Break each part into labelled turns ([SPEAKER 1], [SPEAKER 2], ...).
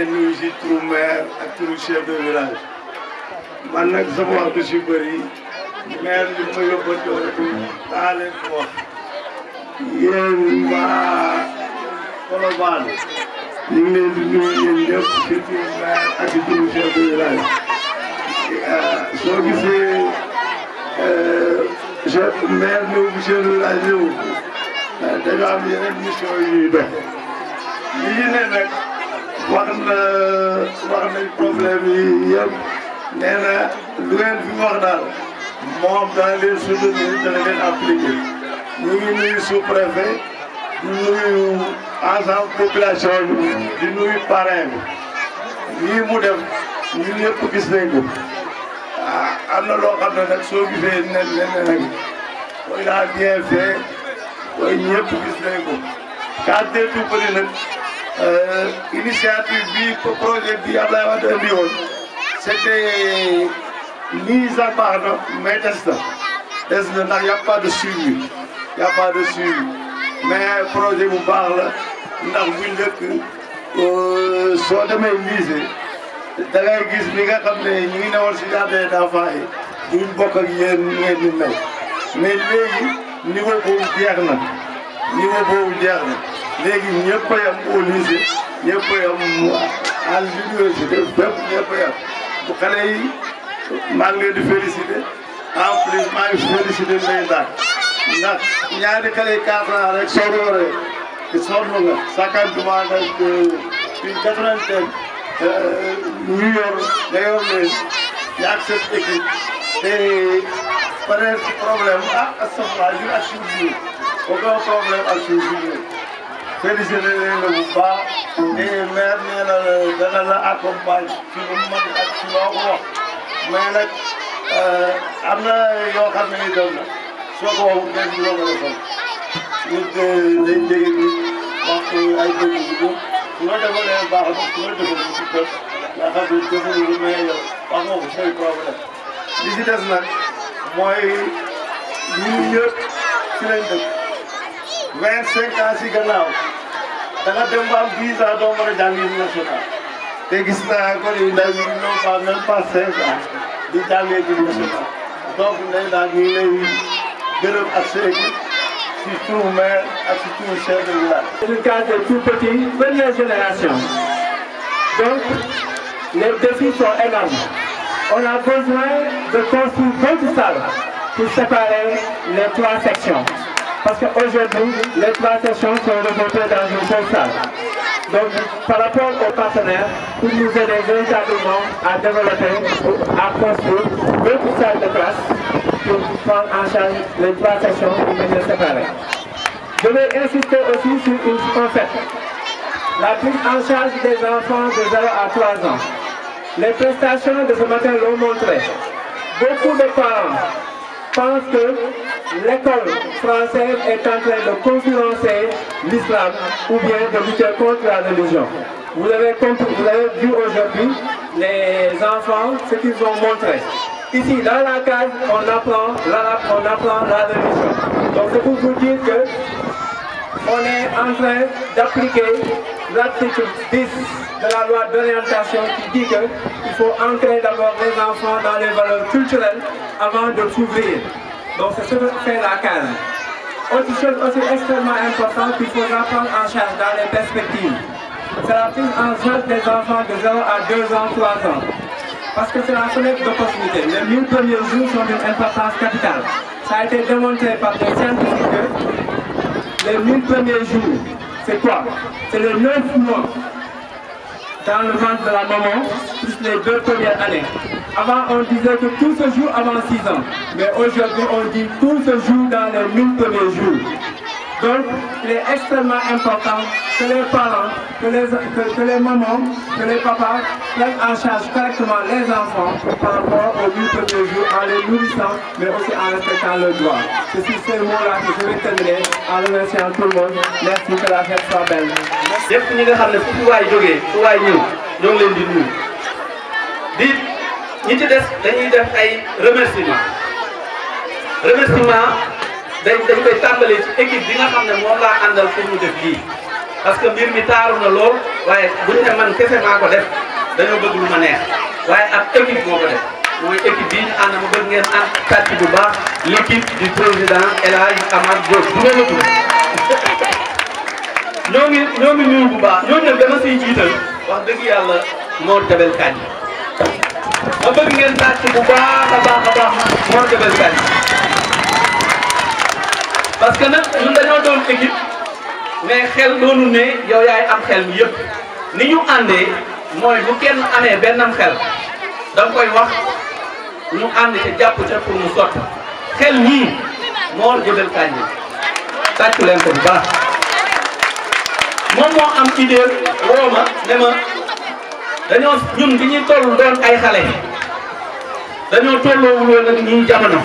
[SPEAKER 1] leen nuyu si turu maire ak turu chef de village man nag sama wax du si bëri maire li ma yóbbatoo rek daa leen ko wax yéen waa Colobane ñu ngi leen di nuyu yéen ñëpp si turu maire ak si turu chef de village euh, soo gisee chef euh, maire ñëw bu chef de village ñëw euh, dañoo am yeneen mission yu ñuy dox li ñu ne nag wax na wax nañ problème yi yëpp nee na fi wax moom dans les jours yi dana leen nuyu sous préfet di nuyu ensemble population bi di nuyu parrain bi mu def ñun ñëpp gis nañ ko ah na loo xam ne nag soo gisee nen nen bien fait koy ñëpp gis nañ ko. Euh, initiative bi projet bi Abdoulaye Wade indi woon c'était mise à part na mais des na des na ndax y a pas de suivi y a pas de suivi mais projet bu baax la ndax bu njëkk euh, soo demee lycée da ngay gis ni nga xam ne ñu ngi newoon si jardin d'enfants yi duñ bokk ak yéen ngeen di mel mais léegi niveau boobu jeex na niveau na léegi ñëpp a yem au lycée ñëpp a yem à bépp ñëpp a bu xale yi maa di félicité en plus maa ngi félicité Ndeye Ndack ndax ñaari xale yi quatre ans rek soo dooree te sonn nga cinquantement nga une quatre-vingtaine euh, ñu yor nga yor leen yaa ak cette équipe te peut-être problème ah astafurlah ñu assuré ko problème assuré. félicité leen la bu baax te maire nee na dana la accompagner ci lu mën ak ci loo ko wax mais nag euh, am na yoo xam ne ni doon na soo ko waxul kenn du la ko defal nit dañ jege nit wax ay bëgg bu ko su la defalee baax a su la defal bu ci kër yaa xam ne defalu lu may yow wax nga ko say problème li ci des nag mooy ñun ñëpp ci lañ dëkk vingt cinq ans ci gannaaw da nga dem ba am 10 ans doo mën a jàng international te gis naa ko yu ndaw yi non pas même pas 5 ans di jàngee international donc ndey daal ñu ngi lay gërëm ak
[SPEAKER 2] séegi surtout maire ak surtout chef de village. c'est le cas de tout petit première génération donc les défis sont énormes on a besoin de construire d'autres salles pour séparer les trois sections. Parce qu'aujourd'hui, les trois sessions sont regroupées dans une seule salle. Donc, par rapport aux partenaires, ils nous aident véritablement à développer, à construire d'autres salles de classe pour prendre en charge les trois sessions de manière séparée. Je vais insister aussi sur une concept. La prise en charge des enfants de 0 à 3 ans. Les prestations de ce Beaucoup de parents pense que l'école française est en train de concurrencer l'islam ou bien de lutter contre la religion. Vous avez compris, vous vu aujourd'hui les enfants, ce qu'ils ont montré. Ici, dans la case, on apprend la religion. Donc c'est vous dire que on est en train d'appliquer l'article de la loi d'orientation qui dit qu'il faut entrer d'abord dans les valeurs culturelles avant de s'ouvrir. Donc c'est ce que la CAN. Autre aussi extrêmement importante qu'il faudra prendre en charge dans les perspectives, c'est la prise en charge des enfants de 0 à 2 ans, 3 ans. que c'est la fenêtre d'opportunité. Les 1000 premiers jours sont d'une importance capitale. Ça a été démontré par des scientifiques c'est quoi C'est les 9 mois dans le ventre de la maman, plus les deux premières années. Avant, on disait que tout se jour avant 6 ans. Mais aujourd'hui, on dit tout se joue dans les 1000 jours. Donc, il est extrêmement important que les parents, que les, que, que les mamans, que les papas prennent en charge correctement les enfants par rapport aux huit premiers jours en les nourrissant, mais aussi en respectant leurs droits. C'est sur ces mots-là
[SPEAKER 3] que je vais en remerciant tout le monde. Merci, que la fête soit belle. yëpp ñi nga xam ne fu waay jógee fu waay ñëw ñoo ngi leen di ñi ci des dañuy ay remerciements dañ dañ koy tàmbalee ci équipe bi nga xam ne moo laa àndal pour ñu def lii parce que mbir mi taaru na lool waaye bu ñu ne man kese maa ko def dañoo bëgg lu ma neex waaye ab équipe moo ko def mooy équipe bii ñu ànd ma bëgg ngeen ànd tàcc bu baax l'équipe du président El Hadj Amath Diop bu ñoo ngi ñoo ngi nuyu bu baax ñooñu nag dama siy jiital wax dëgg yàlla Mor Jabel Kandji ma bëgg ngeen tàcc bu baax a baax a baax Mor Jabel Kandji parce que nag ñun dañoo doon équipe mais xel doonu ne yow yaay am xel mi yëpp ni ñu àndee mooy bu kenn amee bennam xel da nga wax ñu ànd ca jàpp ca pour mu sott xel ñii moor gëdal kàñ ñi tàccu leen ko bu baax moom am idée woo ne ma dañoo ñun bi ñuy toll doon ay xale dañoo tolloowuloo nag ñii jamono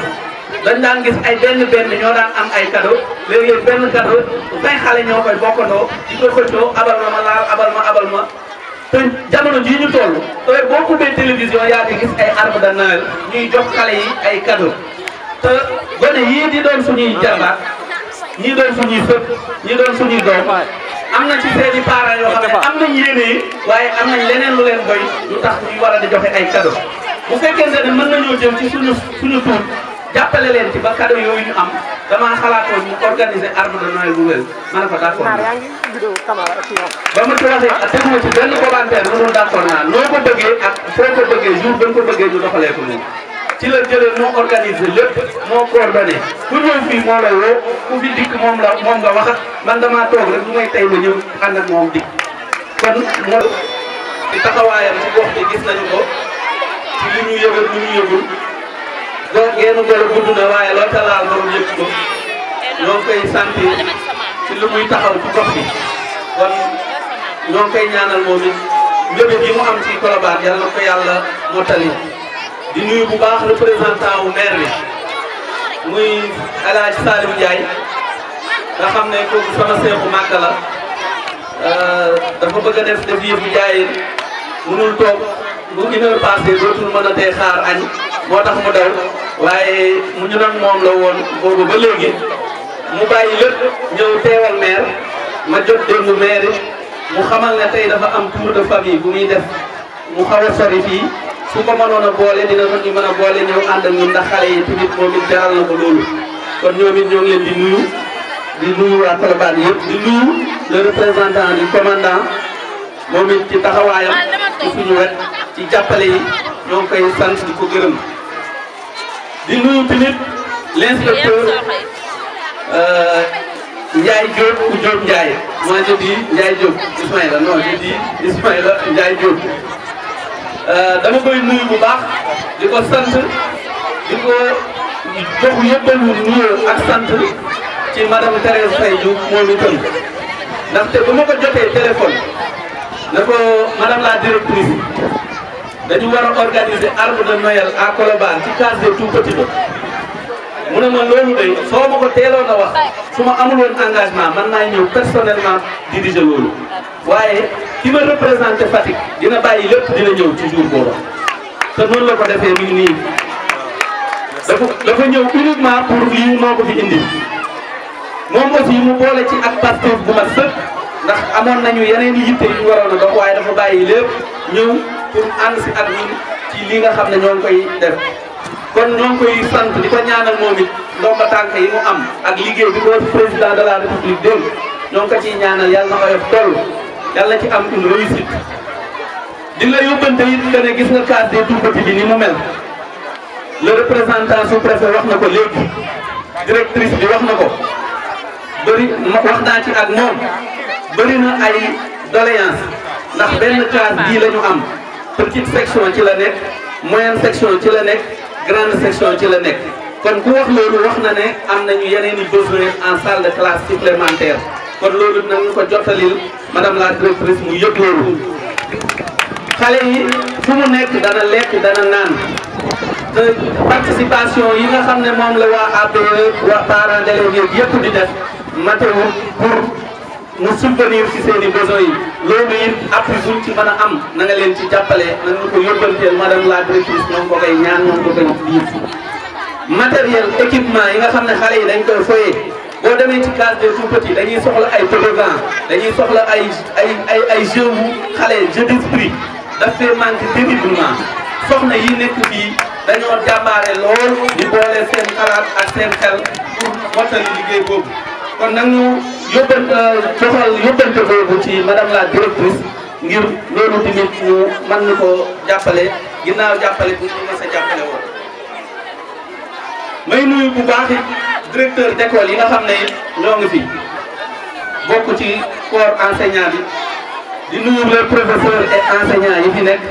[SPEAKER 3] dañ daan gis ay benn benn ñoo daan am ay cadeau léeg-léeg benn cadeau fay xale ñoo koy bokkandoo di ko xëccoo abal ma laal abal ma abal ma te jamono jii ñu toll heure boo ubbee télévision yaa ngi gis ay arbre de Noël ñuy jox xale yi ay cadeau te gone yii di doon suñuy jarbaat ñii doon suñuy sët ñii doon suñuy doom am na ci seeni parents yoo xam ne am nañ yéene yi waaye am nañ leneen lu leen doy lu tax ñuy war di joxe ay cadeau bu fekkente ne mën nañoo jëm ci suñu suñu jàppale leen ci ba cadeau yooyu ñu am damaa xalaatoon ñu organiser arbre de Noël bu wér ma ne ko ba ma ci ko bëggee ak foo ko bëggee jour ba nga ko bëggee ñu doxalee ko moom ci la jëlee moo organisé lépp moo coordonné ku ñëw fii moo la woo ku fi dikk moom la moom nga waxat man damaa toog rek lu may tey ma ñëw ànd ak moom dikk kon moo ci taxawaayam ci gox bi gis nañu ko ci ñu yëgal li ñu yëgul donc geenu dara gudd na waaye loolu talaal moom yëg ko ñoo koy sant
[SPEAKER 1] ci
[SPEAKER 3] lu muy taxaw ci gox bi kon ñoo koy ñaanal moom it njëbit yi mu am ci Colobane yal na ko yàlla mottali di nuyu bu baax représentant wu maire bi muy El Hadj Saliou Ndiaye nga xam ne kooku sama seexu màkk euh, dafa bëgg a def de biir bi jaay mënul toog bu une heure passée dootul mën a tee xaar añ moo tax mu daw waaye mu ñu nag moom la woon boobu ba léegi mu bàyyi lépp ñëw teewal maire ma jot démb maire mu xamal ne tey dafa am tour de famille bu muy def mu xaw a sori fii su ma mënoon a boole dina ko ñu mën a boole ñëw ànd ak ñun ndax xale yi tamit moom it jaral na ko loolu kon ñoom it ñoo ngi leen di nuyu di nuyu waa Colobane yëpp di nuyu le représentant du commandant moom it ci taxawaayam ci suñu wet ci jàppale yi ñoo ngi koy sant di ko gërëm di nuyu tamit l' inspecteur euh, Ndiaye Diop ou Diop Ndiaye moi je dis Ndiaye Diop Ismaïla non euh, dama koy nuyu bu baax di ko sant di ko jox yëppalu nuyoo ak sant ci madame Thérèse Faye Diouf moom itam ndaxte bu ma ko jotee téléphone na ko madame la dañu war a organiser arbre de Noël à Colobane ci case des tout ba mu ne ma loolu day soo ma ko teeloon a wax su ma amul woon engagement man naa ñëw personnellement diriger loolu waaye ki ma représenté Fatick dina lépp dina ñëw ci jour boobu te noonu la ko defee mi ngi nii dafa dafa ñëw uniquement pour lii moo ko fi indi moom aussi mu boole ci ak pasteur bu ma sëkk ndax amoon nañu yeneen yitte yu ñu waroon a dox waaye dafa bàyyi lépp ñëw. pour ànd si ak ñun ci li nga xam ne ñoo ngi koy def kon ñoo ngi koy sant di ko ñaanal moom it ndomba tànk yi mu am ak liggéey bi ko président de la république démb ñoo ngi ko ciy ñaanal yàlla na ko def toll yàlla ci am une réussite. di la yóbbante it que ne gis nga case des tout bi ni mu mel le représentant sous-préfet wax na ko léegi directrice bi wax na ko bëri wax naa ci ak moom bëri na ay doléance ndax benn case bii la ñu am. petite section ci la nekk moyenne section ci la nekk grande section ci la nekk kon ku wax loolu wax na ne am nañu yeneen i besoin en salle de classe supplémentaire kon loolu nañu ko jottalil madame la directrice mu yëg loolu xale yi fu mu nekk dana lekk dana naan te participation yi nga xam ne moom la waa APE waa parents d'élèves yëpp di def matéwu pour nga subvenir ci seen i yi loolu it appui buñ ci mën a am na leen ci jàppale na ko yóbbanteel madame la directrice moom ko koy ñaan moom ko koy matériel équipement yi nga xam ne xale yi dañ koy foyee boo demee ci case des tout-petits dañuy soxla ay toboggan dañuy soxla ay ay ay ay jeux wu xale jeu d'esprit daf fee manque terriblement soxna yi nekk fii dañoo jàmbaare lool di boole seen xalaat ak seen xel pour mottali liggéey boobu kon nag ñu yóbbante euh, defal yóbbante boobu ci madame la directrice ngir loolu tamit ñu mën na ko jàppale ginaar jàppale bu ñu mës a jàppale woon. may nuyu bu baax it directeur d'école yi nga xam ne it ñoo ngi fi ci corps enseignant bi di nuyu les professeurs et enseignants yi fi nekk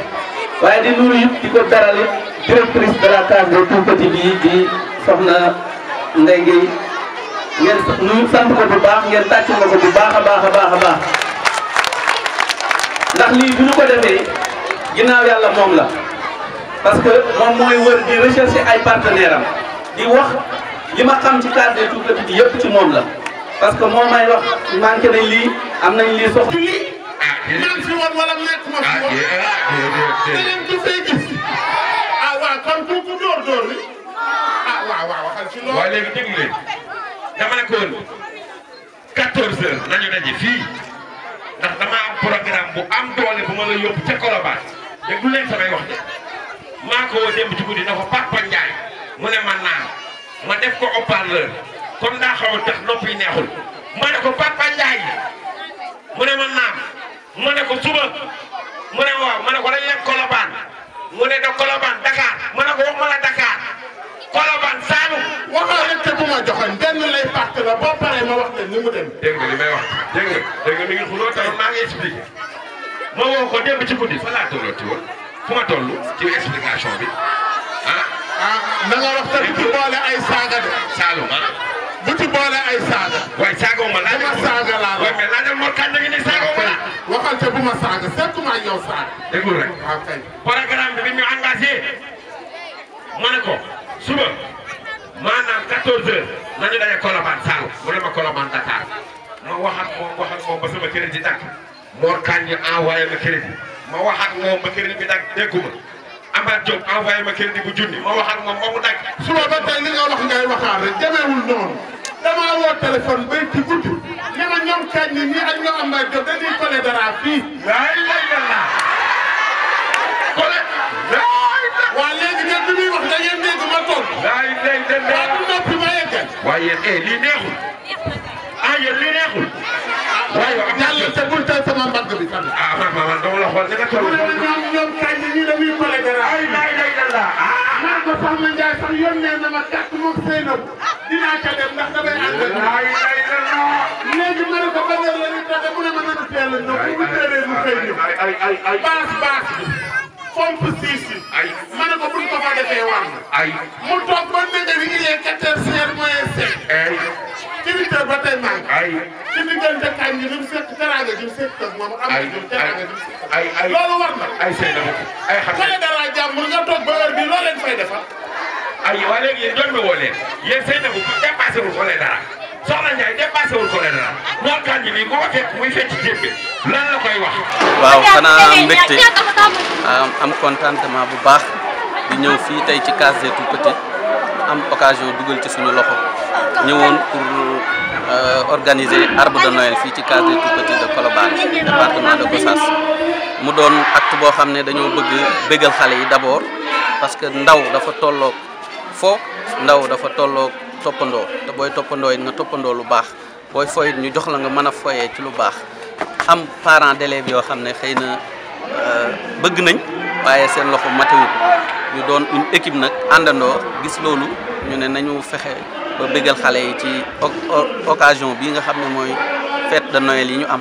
[SPEAKER 3] waaye di nuyu it di ko beral it directrice de la case des tout petits bi di soxna Ndeye Guèye ngeen ñu sant ko bu baax ngeen tàcc ma ko bu baax a baax a baax a baax ndax lii bu ñu ko defee ginnaaw yàlla moom la parce que moom mooy wër di rechercher ay partenaire am di wax li ma xam ci cadre des tout petits yëpp ci moom la parce que moom may wax manqué nañ lii am nañ lii soxla.
[SPEAKER 4] dama ne ko woon 14 heures nañu daje fii ndax dama am programme bu am doole bu ma la yóbbu ca Colobane déglu leen samay wax de maa ko woo démb ci guddi na ko Papa Ndiaye mu ne man ma def ko haut-parleur daa xaw a neexul ma ne ko Papa Ndiaye mu ne man naam ma ne ko suba mu ne waaw ma ne ko dañ leen Colobane mu ne da Colobane Dakar ma ne ko wax ma la Dakar Colobane waxaale te bu ma joxoon benn lay pàcc la boo paree ma wax leen ni mu dem. dégg nga li may wax dégg nga dégg nga mi ngi xuloo tey maa ngi expliqué ma woo ko démb ci guddi fa laa tolloo ci woon fu ma toll ci explication bi ah. ah na nga wax te bu ci boole ay saaga de. Saalum ah. bu ci boole ay saaga. waay saagaw ma laaj. bu ma saaga laa la waay mais laajal Mor Kane da nga ne saagaw ma la. waxal te bu ma saaga seetuma ak yow saaga. déglu rek waaw kay. programme bi bi ñu engagé ma ne ko suba. maanaam 14 heures nañu daje Colobane Sall mu ne ma Colobane Dakar ma wax ak moom wax ak moom ba sama crédit dàq Mor Kañ ñu envoyé ma crédit ma wax ak moom ba crédit bi dàq dégguma Amath Diop envoyé ma crédit bu junni ma wax ak moom ba mu dàq. suba ba tey li nga wax ngay waxaat rek demeewul noonu a woo téléphone bay ci guddi ne ma ñoom Kañ ñi nii ak ñoo Amath Diop dañuy collé dara fii. waaye lay la laa. ma toog. laay lay dem de. waaw du noppi ma yeggal. waaye eh lii neexul. ah yéen lii neexul. waaye am na yàlla te bul tey sama mbagg bi. ah man man man dama la xool ne nga toll. mu ne la ñoom ñoom kay ñu dañuy bële dara. ay laay lay dem la. naan ko Soxna Ndiaye sax yónnee na ma gàtt moom Seydou. dinaa ca dem ndax damay ànd ak. laay lay dem la. léegi ma ne ko ba léegi la ñuy tax a mu ne ma nanu teel a ñëw bu mu
[SPEAKER 1] teel a ñu fay ñëw. ay ay ay
[SPEAKER 4] baas baas bi. fomp siis yi. ay ma ne ko buñ ko fa defee war na. ay mu toog ba ndege bi il est quatre heures cinq moins cinq. ay ci huit heures ba tey maa ngi. ay ci diggante kañ bi ni mu seq teraanga ji mu seq ak moom. am na jëm teraanga ji mu seq. ay ay loolu war na. ay seen dama ay xam nga. dara jàmm nga toog ba heure bi loo leen fay defar. ay waa léegi yéen doon na woo leen yéen seen dama bu dépassé wul xoolee dara.
[SPEAKER 3] waaw xanaa mbégte am contentement bu baax di ñëw fii tey ci case des tout-petits am occasion dugal ci suñu loxo ñëwoon pour euh, organiser arbre de Noël fii ci case des tout-petits de Colobane département de Gossas mu doon acte boo xam ne dañoo bëgg bégal xale yi d'abord parce que ndaw dafa tollook foo ndaw dafa tollook toppandoo te booy toppandoo it nga toppandoo lu baax booy foy ñu jox la nga mën a foyee ci lu baax am parents d'élèves yoo xam ne xëy na euh, bëgg nañ waaye seen loxo matewut ñu doon une équipe nag àndandoo gis loolu ñu ne nañu fexe ba bëggal xale yi ci occasion bii nga xam ne mooy fête de Noël yi ñu am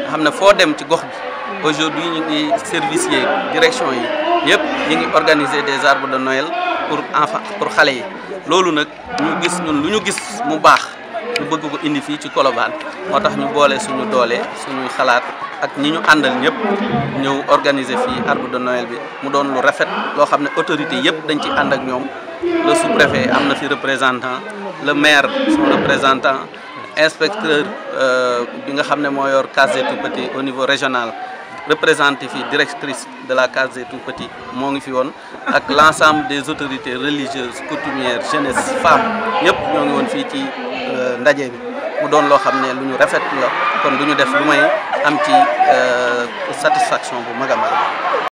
[SPEAKER 3] nga xam ne foo dem ci gox bi aujourd'hui ñu ngi service yi direction yi yëpp ñu ngi organiser des arbres de Noël pour enfant pour xale yi loolu nag ñu gis ñun lu ñu gis mu baax ñu bëgg ko indi fii ci Colobane moo tax ñu boole suñu doolee suñuy xalaat ak ñi ñu àndal ñëpp ñëw organiser fii arbre de Noël bi mu doon lu rafet loo xam ne autorité yëpp dañ ci ànd ak ñoom le sous-préfet am na fi représentant le maire son représentant inspecteur euh, bi nga xam ne moo yor case des tout-petits au niveau régional représenté fii directrice de la case des tout petits moo ngi fi woon ak l' ensemble des autorités religieuses coutumières jeunesse femmes ñëpp ñoo ngi woon fii ci euh, ndaje bi mu doon loo xam ne lu ñu rafet la kon du ñu def lu may am ci euh, satisfaction bu mag a